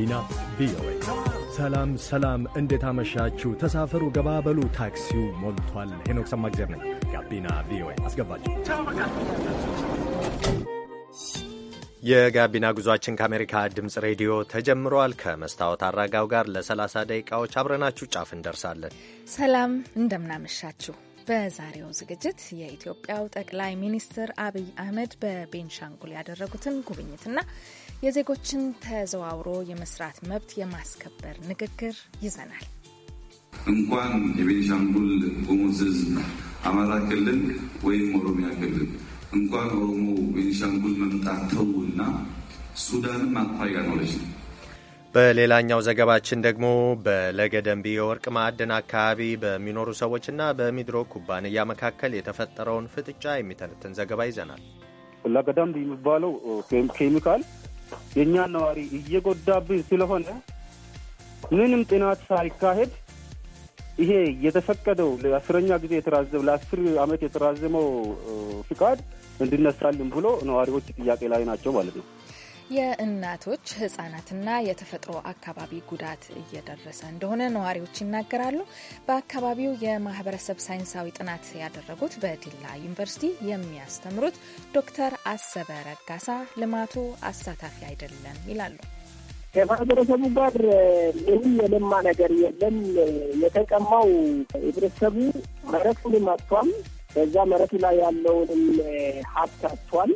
ጋቢና ቪኦኤ። ሰላም ሰላም፣ እንዴት አመሻችሁ? ተሳፈሩ፣ ገባበሉ፣ ታክሲው ሞልቷል። ሄኖክ ሰማግዜር ነኝ። ጋቢና ቪኦኤ አስገባችሁ። የጋቢና ጉዟችን ከአሜሪካ ድምፅ ሬዲዮ ተጀምሯል። ከመስታወት አራጋው ጋር ለ30 ደቂቃዎች አብረናችሁ ጫፍ እንደርሳለን። ሰላም እንደምናመሻችሁ። በዛሬው ዝግጅት የኢትዮጵያው ጠቅላይ ሚኒስትር አብይ አህመድ በቤንሻንጉል ያደረጉትን ጉብኝትና የዜጎችን ተዘዋውሮ የመስራት መብት የማስከበር ንግግር ይዘናል። እንኳን የቤኒሻንጉል ጉሙዝ አማራ ክልል ወይም ኦሮሚያ ክልል እንኳን ኦሮሞ ቤኒሻንጉል መምጣት ተውና ሱዳንም አቅፋ ያኖረች ነው። በሌላኛው ዘገባችን ደግሞ በለገደንቢ የወርቅ ማዕድን አካባቢ በሚኖሩ ሰዎችና በሚድሮ ኩባንያ መካከል የተፈጠረውን ፍጥጫ የሚተነትን ዘገባ ይዘናል። ለገደንቢ የሚባለው ኬሚካል የእኛ ነዋሪ እየጎዳብን ስለሆነ ምንም ጥናት ሳይካሄድ ይሄ የተፈቀደው ለአስረኛ ጊዜ የተራዘመ ለአስር ዓመት የተራዘመው ፍቃድ እንድነሳልን ብሎ ነዋሪዎች ጥያቄ ላይ ናቸው ማለት ነው። የእናቶች ህጻናትና የተፈጥሮ አካባቢ ጉዳት እየደረሰ እንደሆነ ነዋሪዎች ይናገራሉ። በአካባቢው የማህበረሰብ ሳይንሳዊ ጥናት ያደረጉት በዲላ ዩኒቨርሲቲ የሚያስተምሩት ዶክተር አሰበ ረጋሳ ልማቱ አሳታፊ አይደለም ይላሉ። ከማህበረሰቡ ጋር ምንም የለማ ነገር የለም። የተቀማው ህብረተሰቡ መሬቱንም አጥቷል። በዛ መረቱ ላይ ያለውንም ሀብት አጥቷል።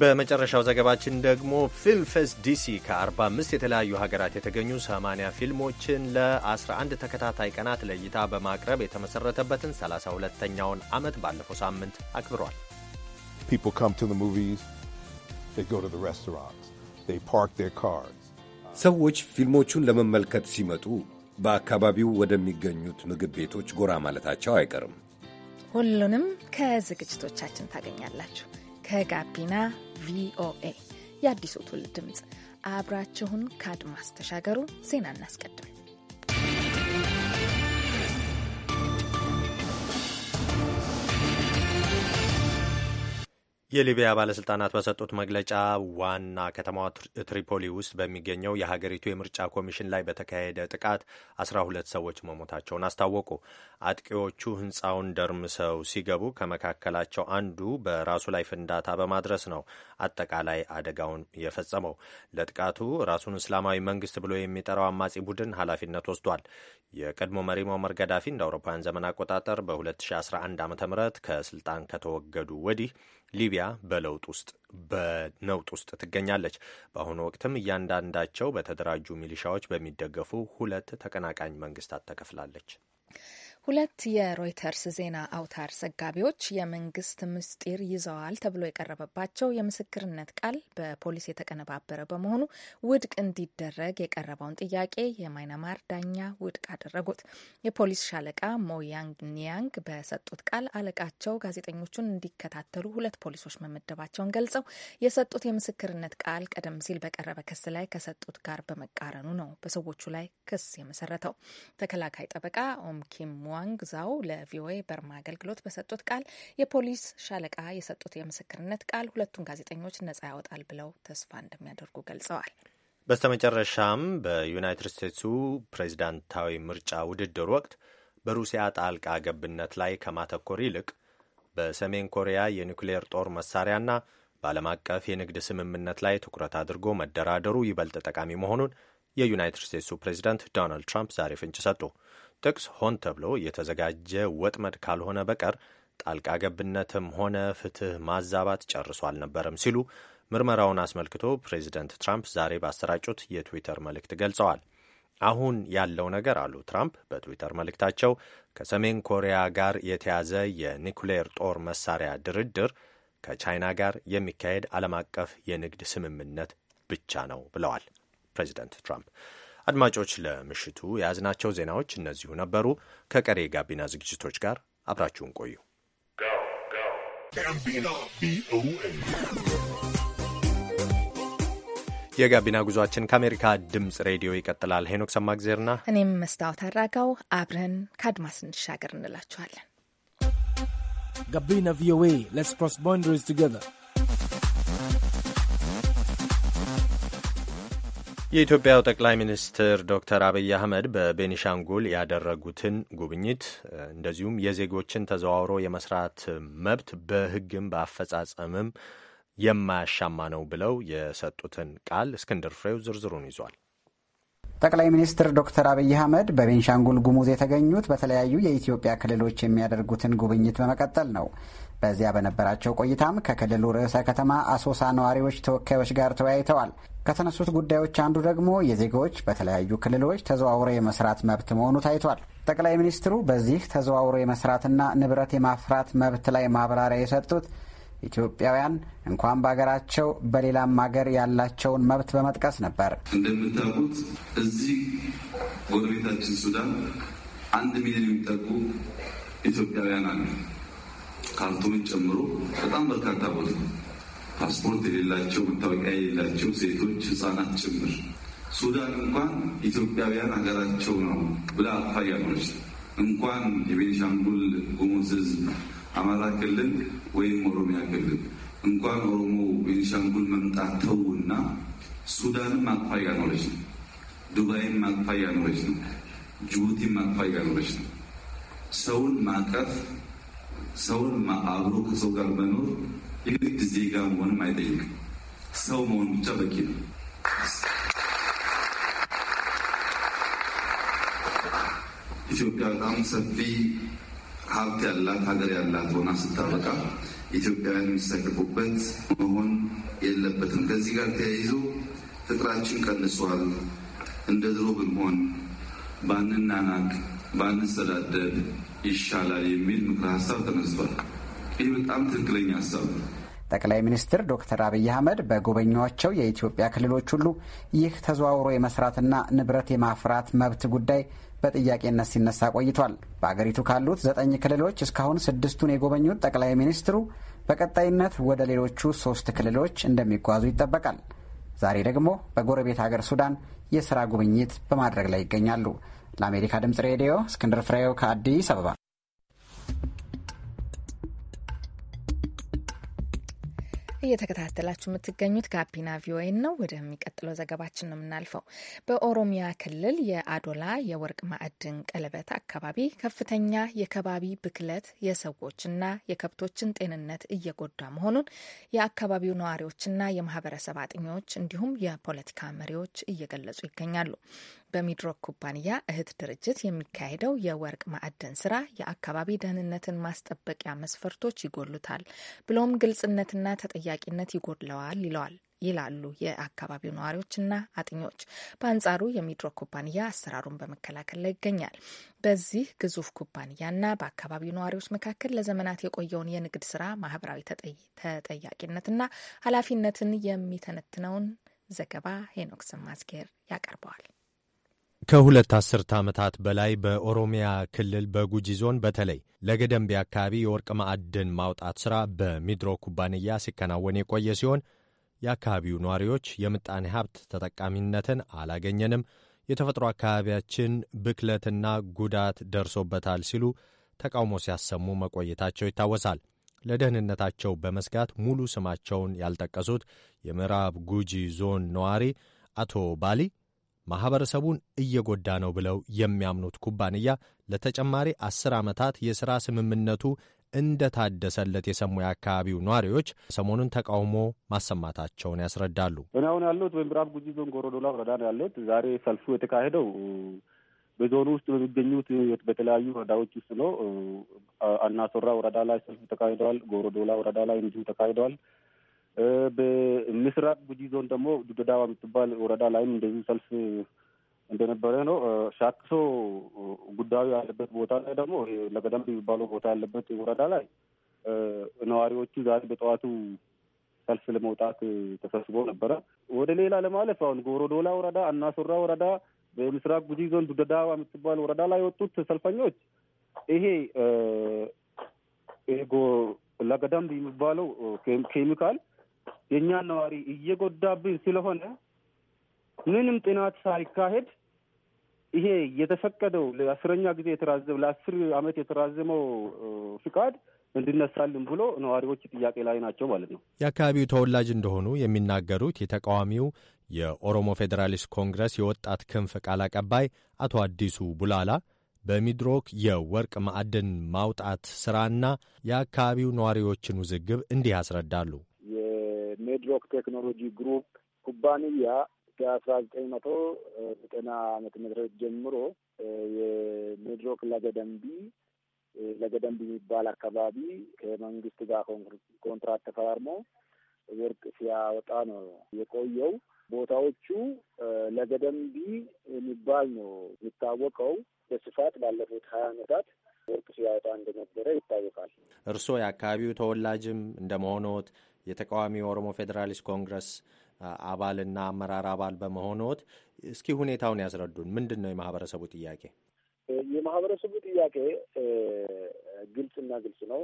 በመጨረሻው ዘገባችን ደግሞ ፊልም ዲሲ ከ45 የተለያዩ ሀገራት የተገኙ 80 ፊልሞችን ለ11 ተከታታይ ቀናት ለእይታ በማቅረብ የተመሰረተበትን 32 ተኛውን ዓመት ባለፈው ሳምንት አክብሯል። ሰዎች ፊልሞቹን ለመመልከት ሲመጡ በአካባቢው ወደሚገኙት ምግብ ቤቶች ጎራ ማለታቸው አይቀርም። ሁሉንም ከዝግጅቶቻችን ታገኛላችሁ ከጋቢና ቪኦኤ የአዲሱ ትውልድ ድምፅ፣ አብራችሁን ከአድማስ ተሻገሩ። ዜና እናስቀድም። የሊቢያ ባለስልጣናት በሰጡት መግለጫ ዋና ከተማዋ ትሪፖሊ ውስጥ በሚገኘው የሀገሪቱ የምርጫ ኮሚሽን ላይ በተካሄደ ጥቃት አስራ ሁለት ሰዎች መሞታቸውን አስታወቁ። አጥቂዎቹ ህንፃውን ደርምሰው ሲገቡ ከመካከላቸው አንዱ በራሱ ላይ ፍንዳታ በማድረስ ነው አጠቃላይ አደጋውን የፈጸመው። ለጥቃቱ ራሱን እስላማዊ መንግስት ብሎ የሚጠራው አማጺ ቡድን ኃላፊነት ወስዷል። የቀድሞ መሪ ሞመር ገዳፊ እንደ አውሮፓውያን ዘመን አቆጣጠር በ2011 ዓ ም ከስልጣን ከተወገዱ ወዲህ ሊቢያ በለውጥ ውስጥ በነውጥ ውስጥ ትገኛለች። በአሁኑ ወቅትም እያንዳንዳቸው በተደራጁ ሚሊሻዎች በሚደገፉ ሁለት ተቀናቃኝ መንግስታት ተከፍላለች። ሁለት የሮይተርስ ዜና አውታር ዘጋቢዎች የመንግስት ምስጢር ይዘዋል ተብሎ የቀረበባቸው የምስክርነት ቃል በፖሊስ የተቀነባበረ በመሆኑ ውድቅ እንዲደረግ የቀረበውን ጥያቄ የማይናማር ዳኛ ውድቅ አደረጉት። የፖሊስ ሻለቃ ሞያንግ ኒያንግ በሰጡት ቃል አለቃቸው ጋዜጠኞቹን እንዲከታተሉ ሁለት ፖሊሶች መመደባቸውን ገልጸው የሰጡት የምስክርነት ቃል ቀደም ሲል በቀረበ ክስ ላይ ከሰጡት ጋር በመቃረኑ ነው በሰዎቹ ላይ ክስ የመሰረተው። ተከላካይ ጠበቃ ኦምኪም ዛው ለቪኦኤ በርማ አገልግሎት በሰጡት ቃል የፖሊስ ሻለቃ የሰጡት የምስክርነት ቃል ሁለቱን ጋዜጠኞች ነጻ ያወጣል ብለው ተስፋ እንደሚያደርጉ ገልጸዋል። በስተመጨረሻም በዩናይትድ ስቴትሱ ፕሬዚዳንታዊ ምርጫ ውድድር ወቅት በሩሲያ ጣልቃ ገብነት ላይ ከማተኮር ይልቅ በሰሜን ኮሪያ የኒውክሌር ጦር መሳሪያና በዓለም አቀፍ የንግድ ስምምነት ላይ ትኩረት አድርጎ መደራደሩ ይበልጥ ጠቃሚ መሆኑን የዩናይትድ ስቴትሱ ፕሬዚዳንት ዶናልድ ትራምፕ ዛሬ ፍንጭ ሰጡ። ጥቅስ ሆን ተብሎ የተዘጋጀ ወጥመድ ካልሆነ በቀር ጣልቃ ገብነትም ሆነ ፍትህ ማዛባት ጨርሶ አልነበረም ሲሉ ምርመራውን አስመልክቶ ፕሬዚደንት ትራምፕ ዛሬ ባሰራጩት የትዊተር መልእክት ገልጸዋል። አሁን ያለው ነገር አሉ ትራምፕ በትዊተር መልእክታቸው ከሰሜን ኮሪያ ጋር የተያዘ የኒኩሌር ጦር መሳሪያ ድርድር ከቻይና ጋር የሚካሄድ ዓለም አቀፍ የንግድ ስምምነት ብቻ ነው ብለዋል ፕሬዚደንት ትራምፕ። አድማጮች፣ ለምሽቱ የያዝናቸው ዜናዎች እነዚሁ ነበሩ። ከቀሬ የጋቢና ዝግጅቶች ጋር አብራችሁን ቆዩ። የጋቢና ጉዟችን ከአሜሪካ ድምፅ ሬዲዮ ይቀጥላል። ሄኖክ ሰማግዜርና እኔም መስታወት አራጋው አብረን ከአድማስ እንሻገር እንላችኋለን። ጋቢና ቪኦኤ ሌትስ ክሮስ ባውንደሪስ ቱጌዘር የኢትዮጵያው ጠቅላይ ሚኒስትር ዶክተር አብይ አህመድ በቤኒሻንጉል ያደረጉትን ጉብኝት እንደዚሁም የዜጎችን ተዘዋውሮ የመስራት መብት በሕግም በአፈጻጸምም የማያሻማ ነው ብለው የሰጡትን ቃል እስክንድር ፍሬው ዝርዝሩን ይዟል። ጠቅላይ ሚኒስትር ዶክተር አብይ አህመድ በቤንሻንጉል ጉሙዝ የተገኙት በተለያዩ የኢትዮጵያ ክልሎች የሚያደርጉትን ጉብኝት በመቀጠል ነው። በዚያ በነበራቸው ቆይታም ከክልሉ ርዕሰ ከተማ አሶሳ ነዋሪዎች ተወካዮች ጋር ተወያይተዋል። ከተነሱት ጉዳዮች አንዱ ደግሞ የዜጎች በተለያዩ ክልሎች ተዘዋውሮ የመስራት መብት መሆኑ ታይቷል። ጠቅላይ ሚኒስትሩ በዚህ ተዘዋውሮ የመስራትና ንብረት የማፍራት መብት ላይ ማብራሪያ የሰጡት ኢትዮጵያውያን እንኳን በሀገራቸው በሌላም ሀገር ያላቸውን መብት በመጥቀስ ነበር። እንደምታውቁት እዚህ ጎረቤታችን ሱዳን አንድ ሚሊዮን የሚጠጉ ኢትዮጵያውያን አሉ። ካንቶን ጨምሮ በጣም በርካታ ቦታ ፓስፖርት የሌላቸው መታወቂያ የሌላቸው ሴቶች፣ ህጻናት ጭምር ሱዳን እንኳን ኢትዮጵያውያን ሀገራቸው ነው ብላ አልፋ ያኖረች እንኳን የቤኒሻንጉል ጉሙዝ ህዝብ አማራ ክልል ወይም ኦሮሚያ ክልል እንኳን ኦሮሞ ቤንሻንጉል መምጣት ተውና ሱዳንም አቅፋ ያኖረች ነው። ዱባይም ማቅፋ ያኖረች ነው። ጅቡቲም ማቅፋ ያኖረች ነው። ሰውን ማቀፍ ሰውን አብሮ ከሰው ጋር መኖር የግድ ዜጋ መሆንም አይጠይቅም። ሰው መሆን ብቻ በቂ ነው። ኢትዮጵያ በጣም ሰፊ ሀብት ያላት ሀገር ያላት ሆና ስታበቃ ኢትዮጵያውያን የሚሳቀቁበት መሆን የለበትም። ከዚህ ጋር ተያይዞ ፍቅራችን ቀንሷል። እንደ ድሮ ብንሆን ባንናናቅ፣ ባንሰዳደብ ይሻላል የሚል ምክረ ሀሳብ ተነስቷል። ይህ በጣም ትክክለኛ ሀሳብ ነው። ጠቅላይ ሚኒስትር ዶክተር አብይ አህመድ በጎበኟቸው የኢትዮጵያ ክልሎች ሁሉ ይህ ተዘዋውሮ የመስራትና ንብረት የማፍራት መብት ጉዳይ በጥያቄነት ሲነሳ ቆይቷል። በአገሪቱ ካሉት ዘጠኝ ክልሎች እስካሁን ስድስቱን የጎበኙት ጠቅላይ ሚኒስትሩ በቀጣይነት ወደ ሌሎቹ ሶስት ክልሎች እንደሚጓዙ ይጠበቃል። ዛሬ ደግሞ በጎረቤት ሀገር ሱዳን የስራ ጉብኝት በማድረግ ላይ ይገኛሉ። ለአሜሪካ ድምፅ ሬዲዮ እስክንድር ፍሬው ከአዲስ አበባ። እየተከታተላችሁ የምትገኙት ጋቢና ቪኦኤ ነው። ወደሚቀጥለው ዘገባችን ነው የምናልፈው። በኦሮሚያ ክልል የአዶላ የወርቅ ማዕድን ቀለበት አካባቢ ከፍተኛ የከባቢ ብክለት የሰዎችና የከብቶችን ጤንነት እየጎዳ መሆኑን የአካባቢው ነዋሪዎችና የማህበረሰብ አጥኚዎች እንዲሁም የፖለቲካ መሪዎች እየገለጹ ይገኛሉ። በሚድሮክ ኩባንያ እህት ድርጅት የሚካሄደው የወርቅ ማዕድን ስራ የአካባቢ ደህንነትን ማስጠበቂያ መስፈርቶች ይጎሉታል፣ ብሎም ግልጽነትና ተጠያቂነት ይጎድለዋል ይለዋል ይላሉ የአካባቢው ነዋሪዎችና አጥኚዎች። በአንጻሩ የሚድሮክ ኩባንያ አሰራሩን በመከላከል ላይ ይገኛል። በዚህ ግዙፍ ኩባንያና በአካባቢው ነዋሪዎች መካከል ለዘመናት የቆየውን የንግድ ስራ ማህበራዊ ተጠያቂነትና ኃላፊነትን የሚተነትነውን ዘገባ ሄኖክ ሰማዝጌር ያቀርበዋል። ከሁለት አስርተ ዓመታት በላይ በኦሮሚያ ክልል በጉጂ ዞን በተለይ ለገደምቢ አካባቢ የወርቅ ማዕድን ማውጣት ሥራ በሚድሮ ኩባንያ ሲከናወን የቆየ ሲሆን የአካባቢው ነዋሪዎች የምጣኔ ሀብት ተጠቃሚነትን አላገኘንም፣ የተፈጥሮ አካባቢያችን ብክለትና ጉዳት ደርሶበታል ሲሉ ተቃውሞ ሲያሰሙ መቆየታቸው ይታወሳል። ለደህንነታቸው በመስጋት ሙሉ ስማቸውን ያልጠቀሱት የምዕራብ ጉጂ ዞን ነዋሪ አቶ ባሊ ማኅበረሰቡን እየጎዳ ነው ብለው የሚያምኑት ኩባንያ ለተጨማሪ አስር ዓመታት የሥራ ስምምነቱ እንደታደሰለት የሰሙ የአካባቢው ነዋሪዎች ሰሞኑን ተቃውሞ ማሰማታቸውን ያስረዳሉ። እኔ አሁን ያለሁት በምዕራብ ጉጂ ዞን ጎሮዶላ ወረዳ ነው ያለሁት። ዛሬ ሰልፉ የተካሄደው በዞኑ ውስጥ በሚገኙት በተለያዩ ወረዳዎች ውስጥ ነው። አናሶራ ወረዳ ላይ ሰልፍ ተካሂደዋል። ጎሮዶላ ወረዳ ላይ እንዲሁ ተካሂደዋል። በምስራቅ ጉጂ ዞን ደግሞ ዱደዳዋ የምትባል ወረዳ ላይም እንደዚህ ሰልፍ እንደነበረ ነው። ሻክሶ ጉዳዩ ያለበት ቦታ ላይ ደግሞ ለገደምብ የሚባለው ቦታ ያለበት ወረዳ ላይ ነዋሪዎቹ ዛሬ በጠዋቱ ሰልፍ ለመውጣት ተሰብስቦ ነበረ። ወደ ሌላ ለማለፍ አሁን ጎሮዶላ ወረዳ፣ አናሶራ ወረዳ፣ በምስራቅ ጉጂ ዞን ዱደዳዋ የምትባል ወረዳ ላይ የወጡት ሰልፈኞች ይሄ ለገደምብ የሚባለው ኬሚካል የእኛ ነዋሪ እየጎዳብን ስለሆነ ምንም ጥናት ሳይካሄድ ይሄ የተፈቀደው ለአስረኛ ጊዜ የተራዘመ ለአስር አመት የተራዘመው ፍቃድ እንድነሳልን ብሎ ነዋሪዎች ጥያቄ ላይ ናቸው ማለት ነው። የአካባቢው ተወላጅ እንደሆኑ የሚናገሩት የተቃዋሚው የኦሮሞ ፌዴራሊስት ኮንግረስ የወጣት ክንፍ ቃል አቀባይ አቶ አዲሱ ቡላላ በሚድሮክ የወርቅ ማዕድን ማውጣት ስራና የአካባቢው ነዋሪዎችን ውዝግብ እንዲህ ያስረዳሉ። ሜድሮክ ቴክኖሎጂ ግሩፕ ኩባንያ ከአስራ ዘጠኝ መቶ ዘጠና አመት ምህረት ጀምሮ የሜድሮክ ለገደንቢ ለገደንቢ የሚባል አካባቢ ከመንግስት ጋር ኮንትራት ተፈራርሞ ወርቅ ሲያወጣ ነው የቆየው። ቦታዎቹ ለገደንቢ የሚባል ነው የሚታወቀው። በስፋት ባለፉት ሀያ ዓመታት ወርቅ ሲያወጣ እንደነበረ ይታወቃል። እርስዎ የአካባቢው ተወላጅም እንደመሆኖት የተቃዋሚ ኦሮሞ ፌዴራሊስት ኮንግረስ አባልና አመራር አባል በመሆንዎት እስኪ ሁኔታውን ያስረዱን። ምንድን ነው የማህበረሰቡ ጥያቄ? የማህበረሰቡ ጥያቄ ግልጽና ግልጽ ነው።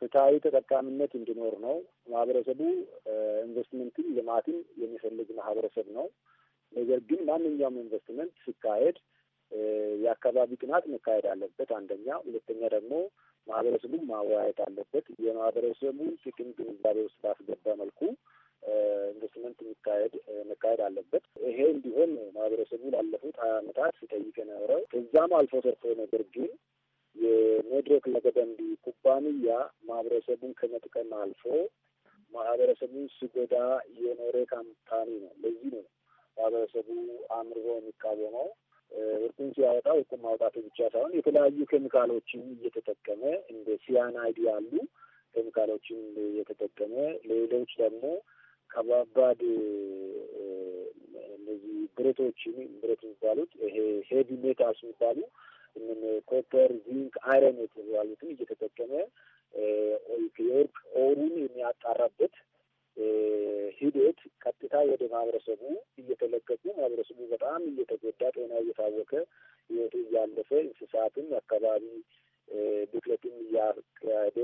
ፍትሐዊ ተጠቃሚነት እንዲኖር ነው። ማህበረሰቡ ኢንቨስትመንትን፣ ልማትን የሚፈልግ ማህበረሰብ ነው። ነገር ግን ማንኛውም ኢንቨስትመንት ሲካሄድ የአካባቢ ጥናት መካሄድ አለበት አንደኛ። ሁለተኛ ደግሞ ማህበረሰቡም ማወያየት አለበት። የማህበረሰቡን ጥቅም ግንዛቤ ውስጥ ባስገባ መልኩ ኢንቨስትመንት የሚካሄድ መካሄድ አለበት። ይሄ እንዲሆን ማህበረሰቡ ላለፉት ሀያ አመታት ሲጠይቅ የነበረው ከዛም አልፎ ተርፎ ነገር ግን የሜድሮክ ለገደምቢ ኩባንያ ማህበረሰቡን ከመጥቀም አልፎ ማህበረሰቡን ስጎዳ የኖረ ካምፓኒ ነው። ለዚህ ነው ማህበረሰቡ አምርሮ የሚቃወመው። እርቁን ሲያወጣ እርቁን ማውጣት ብቻ ሳይሆን የተለያዩ ኬሚካሎችን እየተጠቀመ እንደ ሲያናይድ ያሉ ኬሚካሎችን እየተጠቀመ ሌሎች ደግሞ ከባባድ እነዚህ ብረቶችን ብረት የሚባሉት ይሄ ሄቪ ሜታልስ የሚባሉ ምን ኮፐር፣ ዚንክ፣ አይረን የተባሉትን እየተጠቀመ የወርቅ ኦሩን የሚያጣራበት ሂደት ቀጥታ ወደ ማህበረሰቡ እየተለቀቁ ማህበረሰቡ በጣም እየተጎዳ ጤና እየታወከ ህይወቱ እያለፈ እንስሳትም አካባቢ ብክለትም እያካሄደ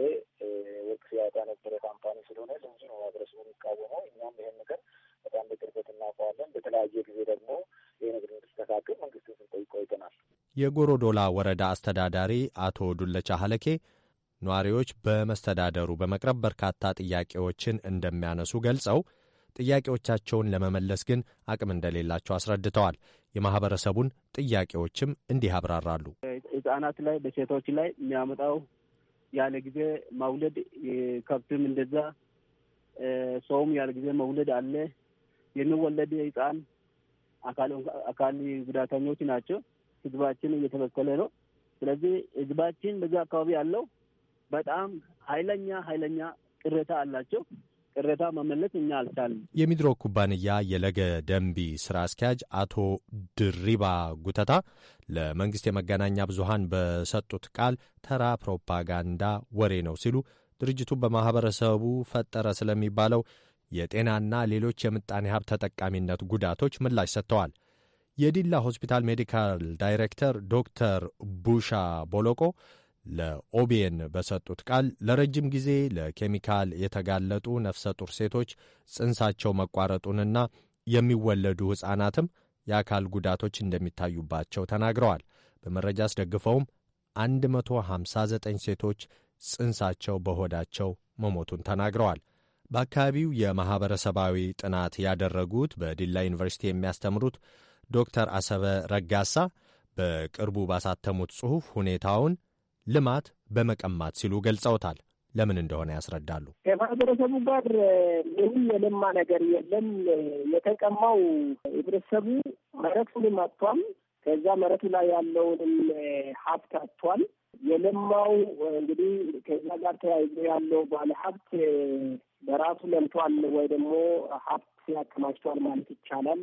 ወቅት ሲያወጣ ነበረ ካምፓኒ ስለሆነ ለዚህ ነው ማህበረሰቡ የሚቃወመው። እኛም ይሄን ነገር በጣም በቅርበት እናውቀዋለን። በተለያየ ጊዜ ደግሞ ይህ ነገር እንዲስተካከል መንግስትን ስንጠይቅ ቆይተናል። የጎሮዶላ ወረዳ አስተዳዳሪ አቶ ዱለቻ ሀለኬ ነዋሪዎች በመስተዳደሩ በመቅረብ በርካታ ጥያቄዎችን እንደሚያነሱ ገልጸው ጥያቄዎቻቸውን ለመመለስ ግን አቅም እንደሌላቸው አስረድተዋል። የማህበረሰቡን ጥያቄዎችም እንዲህ አብራራሉ። ህጻናት ላይ በሴቶች ላይ የሚያመጣው ያለ ጊዜ መውለድ፣ ከብትም እንደዛ ሰውም ያለ ጊዜ መውለድ አለ። የሚወለድ ህጻን አካል ጉዳተኞች ናቸው። ህዝባችን እየተበከለ ነው። ስለዚህ ህዝባችን በዛ አካባቢ ያለው በጣም ኃይለኛ ኃይለኛ ቅሬታ አላቸው። ቅሬታ መመለስ እኛ አልቻልም። የሚድሮክ ኩባንያ የለገ ደንቢ ስራ አስኪያጅ አቶ ድሪባ ጉተታ ለመንግስት የመገናኛ ብዙሃን በሰጡት ቃል ተራ ፕሮፓጋንዳ ወሬ ነው ሲሉ ድርጅቱ በማህበረሰቡ ፈጠረ ስለሚባለው የጤናና ሌሎች የምጣኔ ሀብት ተጠቃሚነት ጉዳቶች ምላሽ ሰጥተዋል። የዲላ ሆስፒታል ሜዲካል ዳይሬክተር ዶክተር ቡሻ ቦሎቆ ለኦቢኤን በሰጡት ቃል ለረጅም ጊዜ ለኬሚካል የተጋለጡ ነፍሰ ጡር ሴቶች ጽንሳቸው መቋረጡንና የሚወለዱ ሕፃናትም የአካል ጉዳቶች እንደሚታዩባቸው ተናግረዋል። በመረጃ አስደግፈውም 159 ሴቶች ጽንሳቸው በሆዳቸው መሞቱን ተናግረዋል። በአካባቢው የማኅበረሰባዊ ጥናት ያደረጉት በዲላ ዩኒቨርሲቲ የሚያስተምሩት ዶክተር አሰበ ረጋሳ በቅርቡ ባሳተሙት ጽሑፍ ሁኔታውን ልማት በመቀማት ሲሉ ገልጸውታል። ለምን እንደሆነ ያስረዳሉ። ከማህበረሰቡ ጋር ምንም የለማ ነገር የለም። የተቀማው ህብረተሰቡ መሬቱንም አጥቷል። ከዛ መሬቱ ላይ ያለውንም ሀብት አጥቷል። የለማው እንግዲህ ከዛ ጋር ተያይዞ ያለው ባለ ሀብት በራሱ ለምቷል ወይ ደግሞ ሀብት ያከማችቷል ማለት ይቻላል።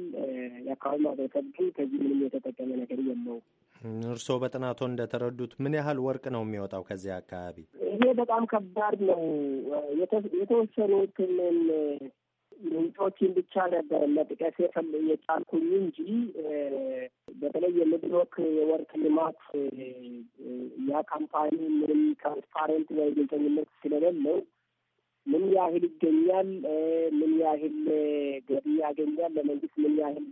የአካባቢ ማህበረሰብ ግን ከዚህ ምንም የተጠቀመ ነገር የለው። እርስዎ በጥናቶ እንደተረዱት ምን ያህል ወርቅ ነው የሚወጣው ከዚያ አካባቢ? ይሄ በጣም ከባድ ነው። ክልል ምንጮችን ብቻ ነበር መጥቀስ የቻልኩኝ እንጂ በተለይ የምድሮክ የወርቅ ልማት ያ ካምፓኒ ምንም ትራንስፓረንት ወይ ግልጠኝነት ስለሌለው ምን ያህል ይገኛል፣ ምን ያህል ገቢ ያገኛል፣ ለመንግስት ምን ያህል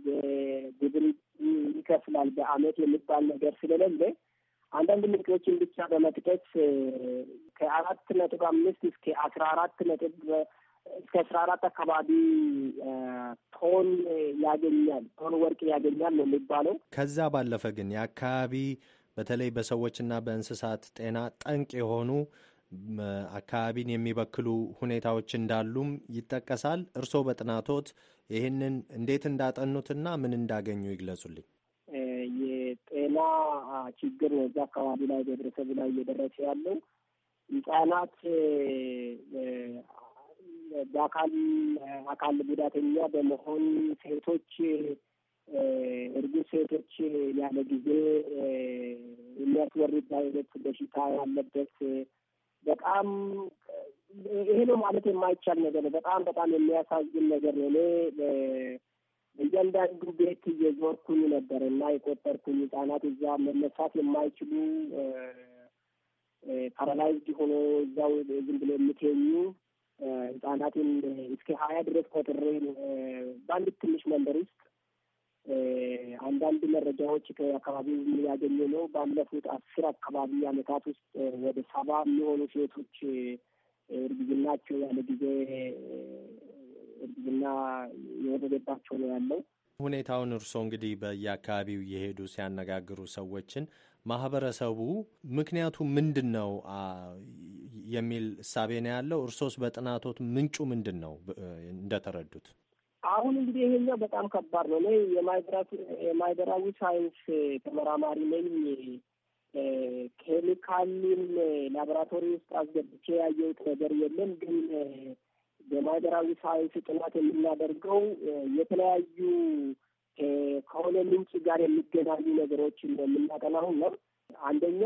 ግብር ይከፍላል በአመት የሚባል ነገር ስለሌለ አንዳንድ ምርቶችን ብቻ በመጥቀስ ከአራት ነጥብ አምስት እስከ አስራ አራት ነጥብ እስከ አስራ አራት አካባቢ ቶን ያገኛል ቶን ወርቅ ያገኛል ነው የሚባለው። ከዛ ባለፈ ግን የአካባቢ በተለይ በሰዎችና በእንስሳት ጤና ጠንቅ የሆኑ አካባቢን የሚበክሉ ሁኔታዎች እንዳሉም ይጠቀሳል። እርስዎ በጥናቶት ይህንን እንዴት እንዳጠኑትና ምን እንዳገኙ ይግለጹልኝ። የጤና ችግር በዛ አካባቢ ላይ በህብረተሰቡ ላይ እየደረሰ ያለው ህጻናት በአካል አካል ጉዳተኛ በመሆን ሴቶች እርጉዝ ሴቶች ያለ ጊዜ የሚያስወርድ አይነት በሽታ ያለበት በጣም ይሄ ነው ማለት የማይቻል ነገር ነው። በጣም በጣም የሚያሳዝን ነገር ነው። እኔ በእያንዳንዱ ቤት እየዞርኩኝ ነበር እና የቆጠርኩኝ ህጻናት እዛ መነሳት የማይችሉ ፓራላይዝድ ሆኖ እዛው ዝም ብሎ የምትኙ ህጻናትን እስከ ሀያ ድረስ ቆጥሬ በአንድ ትንሽ መንደር ውስጥ አንዳንድ መረጃዎች ከአካባቢው ያገኘ ነው። ባለፉት አስር አካባቢ አመታት ውስጥ ወደ ሰባ የሚሆኑ ሴቶች እርግዝናቸው ያለ ጊዜ እርግዝና የወረደባቸው ነው ያለው። ሁኔታውን እርስዎ እንግዲህ በየአካባቢው እየሄዱ ሲያነጋግሩ ሰዎችን ማህበረሰቡ ምክንያቱ ምንድን ነው የሚል እሳቤ ነው ያለው። እርሶስ በጥናቶት ምንጩ ምንድን ነው እንደተረዱት? አሁን እንግዲህ ይሄኛው በጣም ከባድ ነው። እኔ የማህበራዊ ሳይንስ ተመራማሪ ነኝ። ኬሚካልን ላቦራቶሪ ውስጥ አስገብቼ ያየሁት ነገር የለም። ግን የማህበራዊ ሳይንስ ጥናት የምናደርገው የተለያዩ ከሆነ ምንጭ ጋር የሚገናኙ ነገሮችን ነው የምናጠናው ነው። አንደኛ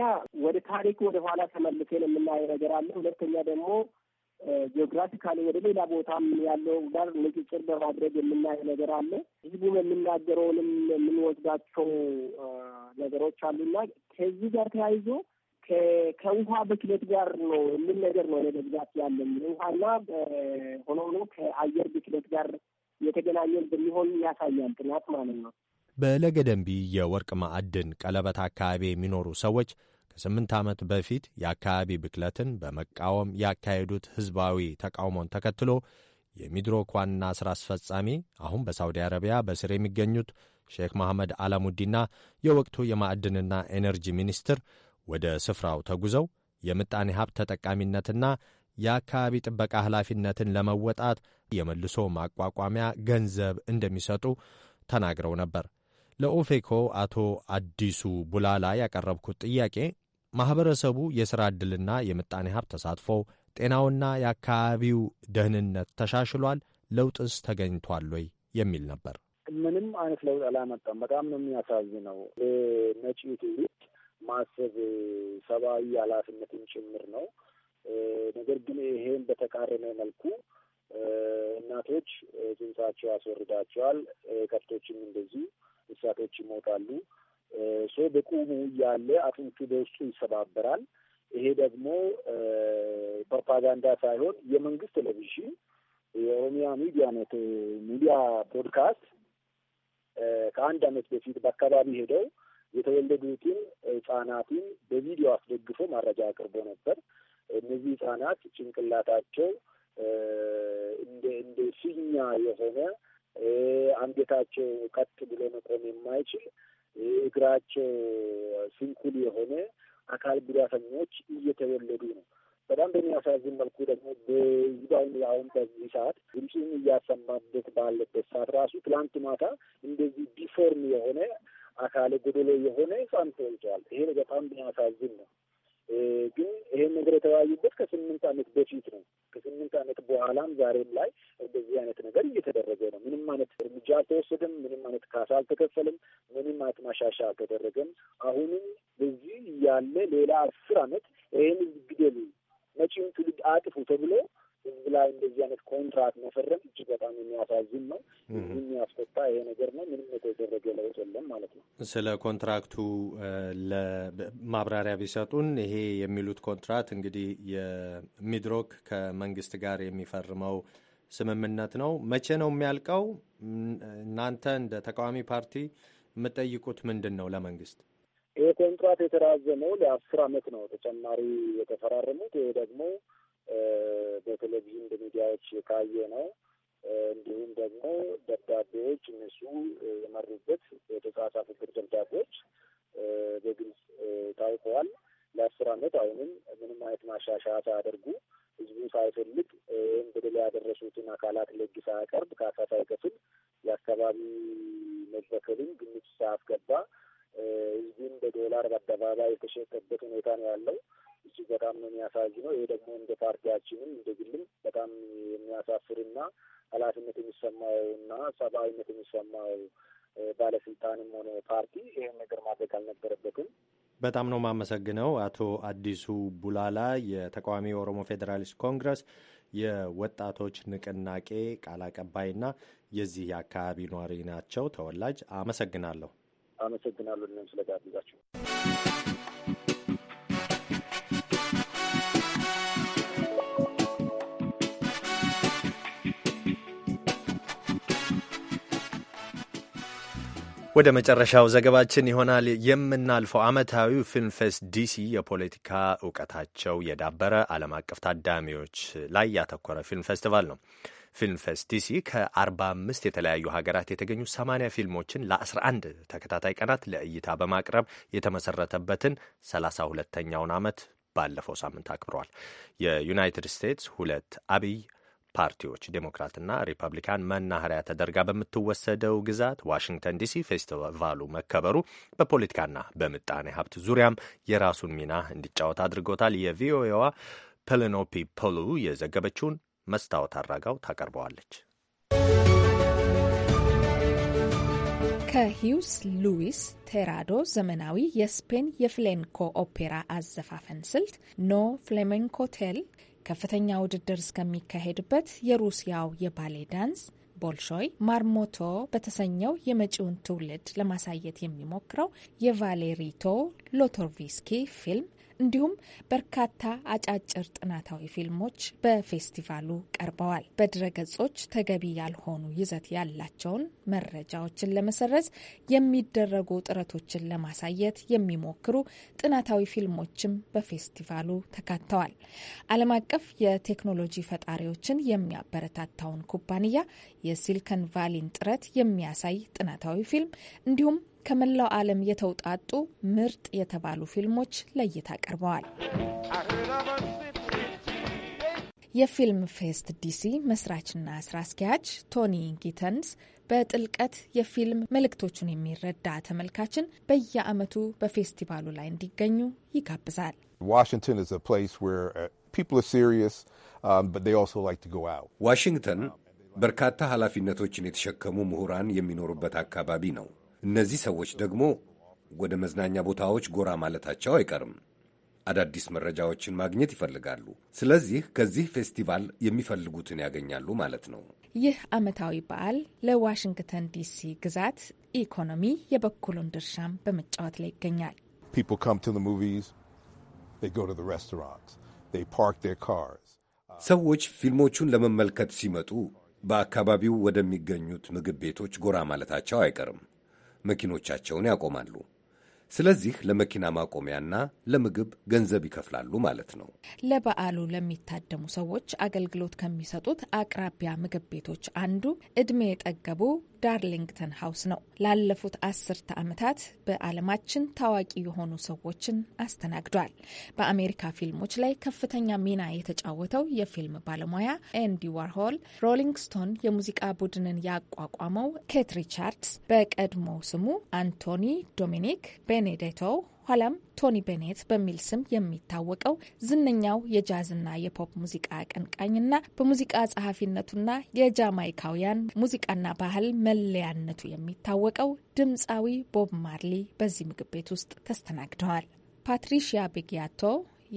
ወደ ታሪክ ወደ ኋላ ተመልሰን የምናየው ነገር አለ። ሁለተኛ ደግሞ ጂኦግራፊካሊ ወደ ሌላ ቦታም ያለው ጋር ንግግር በማድረግ የምናየ ነገር አለ። ህዝቡም የምናገረውንም የምንወስዳቸው ነገሮች አሉና ከዚህ ጋር ተያይዞ ከውሃ ብክለት ጋር ነው የምን ነገር ነው በብዛት ያለን። ውሃና ሆኖ ሆኖ ከአየር ብክለት ጋር የተገናኘ እንደሚሆን ያሳያል ጥናት ማለት ነው። በለገደንቢ የወርቅ ማዕድን ቀለበት አካባቢ የሚኖሩ ሰዎች ከስምንት ዓመት በፊት የአካባቢ ብክለትን በመቃወም ያካሄዱት ሕዝባዊ ተቃውሞን ተከትሎ የሚድሮክ ዋና ሥራ አስፈጻሚ አሁን በሳውዲ አረቢያ በስር የሚገኙት ሼክ መሐመድ አላሙዲና የወቅቱ የማዕድንና ኤነርጂ ሚኒስትር ወደ ስፍራው ተጉዘው የምጣኔ ሀብት ተጠቃሚነትና የአካባቢ ጥበቃ ኃላፊነትን ለመወጣት የመልሶ ማቋቋሚያ ገንዘብ እንደሚሰጡ ተናግረው ነበር። ለኦፌኮ አቶ አዲሱ ቡላላ ያቀረብኩት ጥያቄ ማኅበረሰቡ የሥራ ዕድልና የምጣኔ ሀብት ተሳትፎ፣ ጤናውና የአካባቢው ደህንነት ተሻሽሏል፣ ለውጥስ ተገኝቷል ወይ የሚል ነበር። ምንም አይነት ለውጥ አላመጣም። በጣም ነው የሚያሳዝነው። ነጭ ትውልድ ማሰብ ሰብአዊ ኃላፊነትን ጭምር ነው። ነገር ግን ይሄን በተቃረነ መልኩ እናቶች ጽንሳቸው ያስወርዳቸዋል። ከብቶችም እንደዚሁ እንስሳቶች ይሞታሉ። ሰው በቁሙ እያለ አጥንቱ በውስጡ ይሰባበራል። ይሄ ደግሞ ፕሮፓጋንዳ ሳይሆን የመንግስት ቴሌቪዥን የኦሮሚያ ሚዲያ ነት ሚዲያ ፖድካስት ከአንድ አመት በፊት በአካባቢ ሄደው የተወለዱትን ህጻናትን በቪዲዮ አስደግፎ ማረጃ አቅርቦ ነበር። እነዚህ ህጻናት ጭንቅላታቸው እንደ እንደ ፊኛ የሆነ አንገታቸው ቀጥ ብሎ መቆም የማይችል እግራቸው ስንኩል የሆነ አካል ጉዳተኞች እየተወለዱ ነው። በጣም በሚያሳዝን መልኩ ደግሞ በዚባን አሁን በዚህ ሰዓት ድምፁን እያሰማበት ባለበት ሰዓት ራሱ ትላንት ማታ እንደዚህ ዲፎርም የሆነ አካል ጎደሎ የሆነ ህጻን ተወልዷል። ይሄ በጣም የሚያሳዝን ነው። ግን ይሄን ነገር የተወያዩበት ከስምንት ዓመት በፊት ነው። ከስምንት ዓመት በኋላም ዛሬም ላይ እንደዚህ አይነት ነገር እየተደረገ ነው። ምንም አይነት እርምጃ አልተወሰደም። ምንም አይነት ካሳ አልተከፈለም። ምንም አይነት ማሻሻ አልተደረገም። አሁንም በዚህ እያለ ሌላ አስር ዓመት ይህን ግደሉ፣ መጪውን ትውልድ አጥፉ ተብሎ ህዝብ ላይ እንደዚህ አይነት ኮንትራት መፈረም እጅግ በጣም የሚያሳዝን ነው። የሚያስቆጣ ይሄ ነገር ነው። ምንም የተደረገ ለውጥ የለም ማለት ነው። ስለ ኮንትራክቱ ማብራሪያ ቢሰጡን። ይሄ የሚሉት ኮንትራት እንግዲህ የሚድሮክ ከመንግስት ጋር የሚፈርመው ስምምነት ነው። መቼ ነው የሚያልቀው? እናንተ እንደ ተቃዋሚ ፓርቲ የምጠይቁት ምንድን ነው ለመንግስት? ይህ ኮንትራት የተራዘመው ለአስር አመት ነው ተጨማሪ የተፈራረሙት። ይሄ ደግሞ በቴሌቪዥን በሚዲያዎች የታየ ነው። እንዲሁም ደግሞ ደብዳቤዎች እነሱ የመሩበት የተጻጻፉበት ደብዳቤዎች በግልጽ ታውቀዋል። ለአስር አመት አሁንም ምንም አይነት ማሻሻያ ሳያደርጉ ህዝቡ ሳይፈልግ ወይም በደል ያደረሱትን አካላት ለግ ሳያቀርብ ካሳ ሳይከፍል የአካባቢ መበከልን ግምት ሳያስገባ ህዝቡን በዶላር በአደባባይ የተሸጠበት ሁኔታ ነው ያለው። እጅግ በጣም ነው የሚያሳዝነው። ይሄ ደግሞ እንደ ፓርቲያችንም እንደ ግልም በጣም የሚያሳፍርና ኃላፊነት የሚሰማውና ሰብአዊነት የሚሰማው ባለስልጣንም ሆነ ፓርቲ ይህን ነገር ማድረግ አልነበረበትም። በጣም ነው የማመሰግነው አቶ አዲሱ ቡላላ የተቃዋሚ የኦሮሞ ፌዴራሊስት ኮንግረስ የወጣቶች ንቅናቄ ቃል አቀባይና የዚህ የአካባቢ ነዋሪ ናቸው ተወላጅ። አመሰግናለሁ። አመሰግናለሁ እኔም ስለጋብዛችሁ። ወደ መጨረሻው ዘገባችን ይሆናል የምናልፈው። ዓመታዊው ፊልምፌስት ዲሲ የፖለቲካ እውቀታቸው የዳበረ ዓለም አቀፍ ታዳሚዎች ላይ ያተኮረ ፊልም ፌስቲቫል ነው። ፊልምፌስት ዲሲ ከ45 የተለያዩ ሀገራት የተገኙ 80 ፊልሞችን ለ11 ተከታታይ ቀናት ለእይታ በማቅረብ የተመሰረተበትን 32 ተኛውን ዓመት ባለፈው ሳምንት አክብረዋል። የዩናይትድ ስቴትስ ሁለት አብይ ፓርቲዎች ዴሞክራትና ሪፐብሊካን መናኸሪያ ተደርጋ በምትወሰደው ግዛት ዋሽንግተን ዲሲ ፌስቲቫሉ መከበሩ በፖለቲካና በምጣኔ ሀብት ዙሪያም የራሱን ሚና እንዲጫወት አድርጎታል። የቪኦኤዋ ፔሌኖፒ ፖሉ የዘገበችውን መስታወት አድራጋው ታቀርበዋለች። ከሂውስ ሉዊስ ቴራዶ ዘመናዊ የስፔን የፍሌንኮ ኦፔራ አዘፋፈን ስልት ኖ ፍሌሜንኮ ቴል ከፍተኛ ውድድር እስከሚካሄድበት የሩሲያው የባሌ ዳንስ ቦልሾይ ማርሞቶ በተሰኘው የመጪውን ትውልድ ለማሳየት የሚሞክረው የቫሌሪቶ ሎቶርቪስኪ ፊልም እንዲሁም በርካታ አጫጭር ጥናታዊ ፊልሞች በፌስቲቫሉ ቀርበዋል። በድረገጾች ተገቢ ያልሆኑ ይዘት ያላቸውን መረጃዎችን ለመሰረዝ የሚደረጉ ጥረቶችን ለማሳየት የሚሞክሩ ጥናታዊ ፊልሞችም በፌስቲቫሉ ተካተዋል። ዓለም አቀፍ የቴክኖሎጂ ፈጣሪዎችን የሚያበረታታውን ኩባንያ የሲሊከን ቫሊን ጥረት የሚያሳይ ጥናታዊ ፊልም እንዲሁም ከመላው ዓለም የተውጣጡ ምርጥ የተባሉ ፊልሞች ለእይታ ቀርበዋል። የፊልም ፌስት ዲሲ መስራችና ስራ አስኪያጅ ቶኒ ጊተንስ በጥልቀት የፊልም መልእክቶቹን የሚረዳ ተመልካችን በየዓመቱ በፌስቲቫሉ ላይ እንዲገኙ ይጋብዛል። ዋሽንግተን uh, um, በርካታ ኃላፊነቶችን የተሸከሙ ምሁራን የሚኖሩበት አካባቢ ነው። እነዚህ ሰዎች ደግሞ ወደ መዝናኛ ቦታዎች ጎራ ማለታቸው አይቀርም። አዳዲስ መረጃዎችን ማግኘት ይፈልጋሉ። ስለዚህ ከዚህ ፌስቲቫል የሚፈልጉትን ያገኛሉ ማለት ነው። ይህ ዓመታዊ በዓል ለዋሽንግተን ዲሲ ግዛት ኢኮኖሚ የበኩሉን ድርሻም በመጫወት ላይ ይገኛል። ሰዎች ፊልሞቹን ለመመልከት ሲመጡ በአካባቢው ወደሚገኙት ምግብ ቤቶች ጎራ ማለታቸው አይቀርም። መኪኖቻቸውን ያቆማሉ። ስለዚህ ለመኪና ማቆሚያና ለምግብ ገንዘብ ይከፍላሉ ማለት ነው። ለበዓሉ ለሚታደሙ ሰዎች አገልግሎት ከሚሰጡት አቅራቢያ ምግብ ቤቶች አንዱ እድሜ የጠገቡ ዳርሊንግተን ሀውስ ነው። ላለፉት አስርተ ዓመታት በዓለማችን ታዋቂ የሆኑ ሰዎችን አስተናግዷል። በአሜሪካ ፊልሞች ላይ ከፍተኛ ሚና የተጫወተው የፊልም ባለሙያ ኤንዲ ዋርሆል ሮሊንግ ስቶን የሙዚቃ ቡድንን ያቋቋመው ኬት ሪቻርድስ በቀድሞ ስሙ አንቶኒ ዶሚኒክ ቤኔዴቶ ኋላም ቶኒ ቤኔት በሚል ስም የሚታወቀው ዝነኛው የጃዝና የፖፕ ሙዚቃ አቀንቃኝና በሙዚቃ ጸሐፊነቱና የጃማይካውያን ሙዚቃና ባህል መለያነቱ የሚታወቀው ድምፃዊ ቦብ ማርሊ በዚህ ምግብ ቤት ውስጥ ተስተናግደዋል። ፓትሪሺያ ቤጊያቶ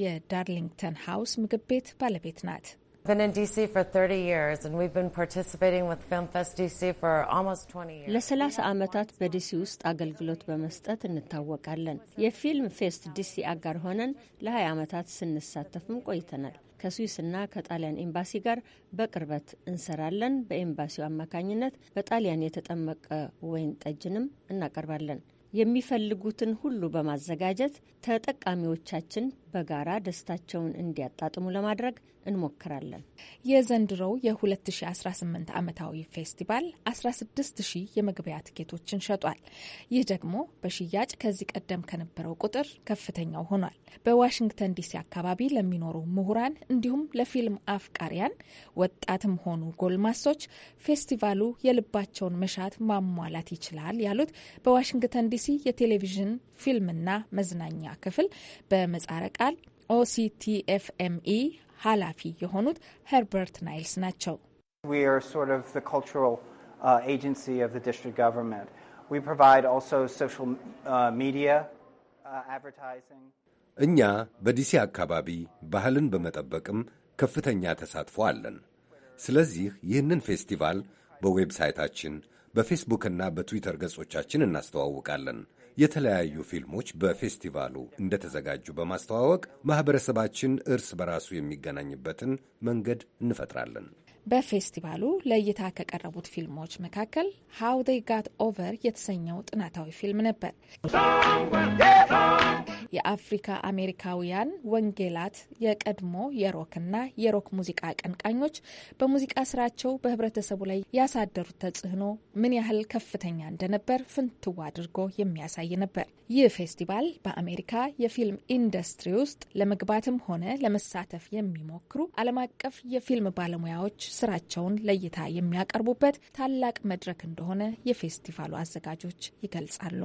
የዳርሊንግተን ሃውስ ምግብ ቤት ባለቤት ናት። been in DC for 30 years and we've been participating with FilmFest DC for almost 20 years. ለሰላሳ ዓመታት በዲሲ ውስጥ አገልግሎት በመስጠት እንታወቃለን። የፊልም ፌስት ዲሲ አጋር ሆነን ለ20 ዓመታት ስንሳተፍም ቆይተናል። ከሱዊስና ከጣሊያን ኤምባሲ ጋር በቅርበት እንሰራለን። በኤምባሲው አማካኝነት በጣሊያን የተጠመቀ ወይን ጠጅንም እናቀርባለን። የሚፈልጉትን ሁሉ በማዘጋጀት ተጠቃሚዎቻችን በጋራ ደስታቸውን እንዲያጣጥሙ ለማድረግ እንሞክራለን። የዘንድሮው የ2018 ዓመታዊ ፌስቲቫል 16 ሺህ የመግቢያ ትኬቶችን ሸጧል። ይህ ደግሞ በሽያጭ ከዚህ ቀደም ከነበረው ቁጥር ከፍተኛው ሆኗል። በዋሽንግተን ዲሲ አካባቢ ለሚኖሩ ምሁራን እንዲሁም ለፊልም አፍቃሪያን ወጣትም ሆኑ ጎልማሶች ፌስቲቫሉ የልባቸውን መሻት ማሟላት ይችላል ያሉት በዋሽንግተን ዲሲ የቴሌቪዥን ፊልምና መዝናኛ ክፍል በመጻረቅ ቃል ኦሲቲኤፍኤምኢ ኃላፊ የሆኑት ሄርበርት ናይልስ ናቸው። uh, uh, uh, እኛ በዲሲ አካባቢ ባህልን በመጠበቅም ከፍተኛ ተሳትፎ አለን። ስለዚህ ይህንን ፌስቲቫል በዌብሳይታችን በፌስቡክና በትዊተር ገጾቻችን እናስተዋውቃለን። የተለያዩ ፊልሞች በፌስቲቫሉ እንደተዘጋጁ በማስተዋወቅ ማኅበረሰባችን እርስ በራሱ የሚገናኝበትን መንገድ እንፈጥራለን። በፌስቲቫሉ ለእይታ ከቀረቡት ፊልሞች መካከል ሃው ዴይ ጋት ኦቨር የተሰኘው ጥናታዊ ፊልም ነበር። የአፍሪካ አሜሪካውያን ወንጌላት የቀድሞ የሮክና የሮክ ሙዚቃ አቀንቃኞች በሙዚቃ ስራቸው በህብረተሰቡ ላይ ያሳደሩት ተጽዕኖ ምን ያህል ከፍተኛ እንደነበር ፍንትዋ አድርጎ የሚያሳይ ነበር። ይህ ፌስቲቫል በአሜሪካ የፊልም ኢንዱስትሪ ውስጥ ለመግባትም ሆነ ለመሳተፍ የሚሞክሩ ዓለም አቀፍ የፊልም ባለሙያዎች ስራቸውን ለእይታ የሚያቀርቡበት ታላቅ መድረክ እንደሆነ የፌስቲቫሉ አዘጋጆች ይገልጻሉ።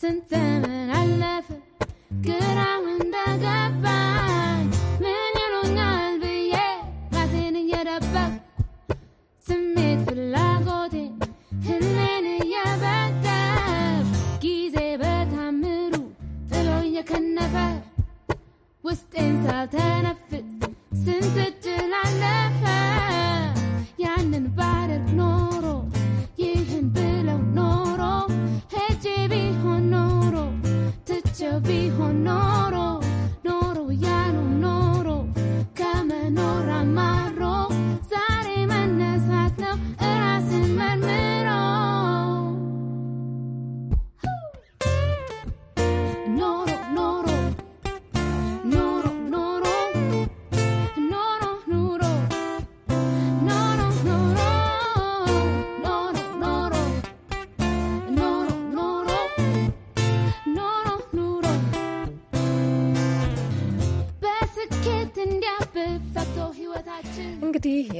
Since then, I never could I win the goodbye.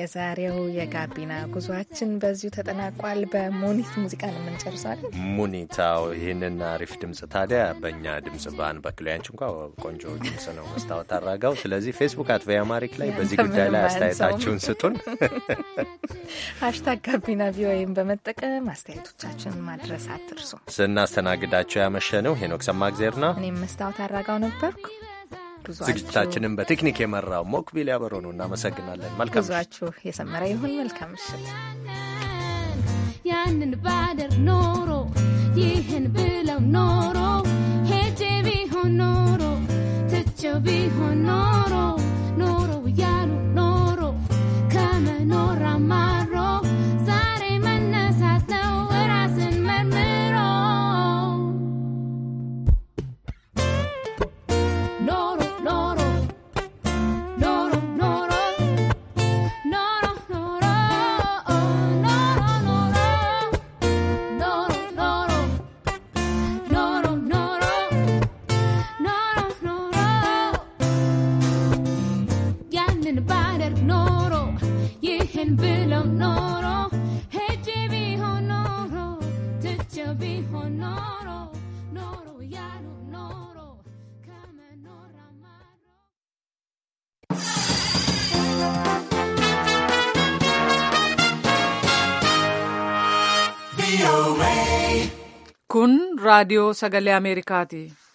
የዛሬው የጋቢና ጉዟችን በዚሁ ተጠናቋል። በሞኒት ሙዚቃ ነው የምንጨርሰዋል። ሙኒታው ይህንን አሪፍ ድምጽ ታዲያ በእኛ ድምጽ ባን በክሎያንች እንኳ ቆንጆ ድምጽ ነው መስታወት አራጋው። ስለዚህ ፌስቡክ አት ቪኦኤ ላይ በዚህ ጉዳይ ላይ አስተያየታችሁን ስጡን። ሀሽታግ ጋቢና ቪኦኤም በመጠቀም አስተያየቶቻችን ማድረስ አትርሱ። ስናስተናግዳቸው ያመሸ ነው ሄኖክ ሰማግዜርና እኔም መስታወት አራጋው ነበርኩ። ዝግጅታችንን በቴክኒክ የመራው ሞክቢል ያበሮ ነው። እናመሰግናለን። መልካም ጉዟችሁ የሰመረ ይሁን። መልካም ምሽት። ያንን ባደር ኖሮ ይህን ብለው ኖሮ ሄጄ ቢሆን ኖሮ ትቼው ቢሆን ኖሮ sagale sagalee Ameerikaati.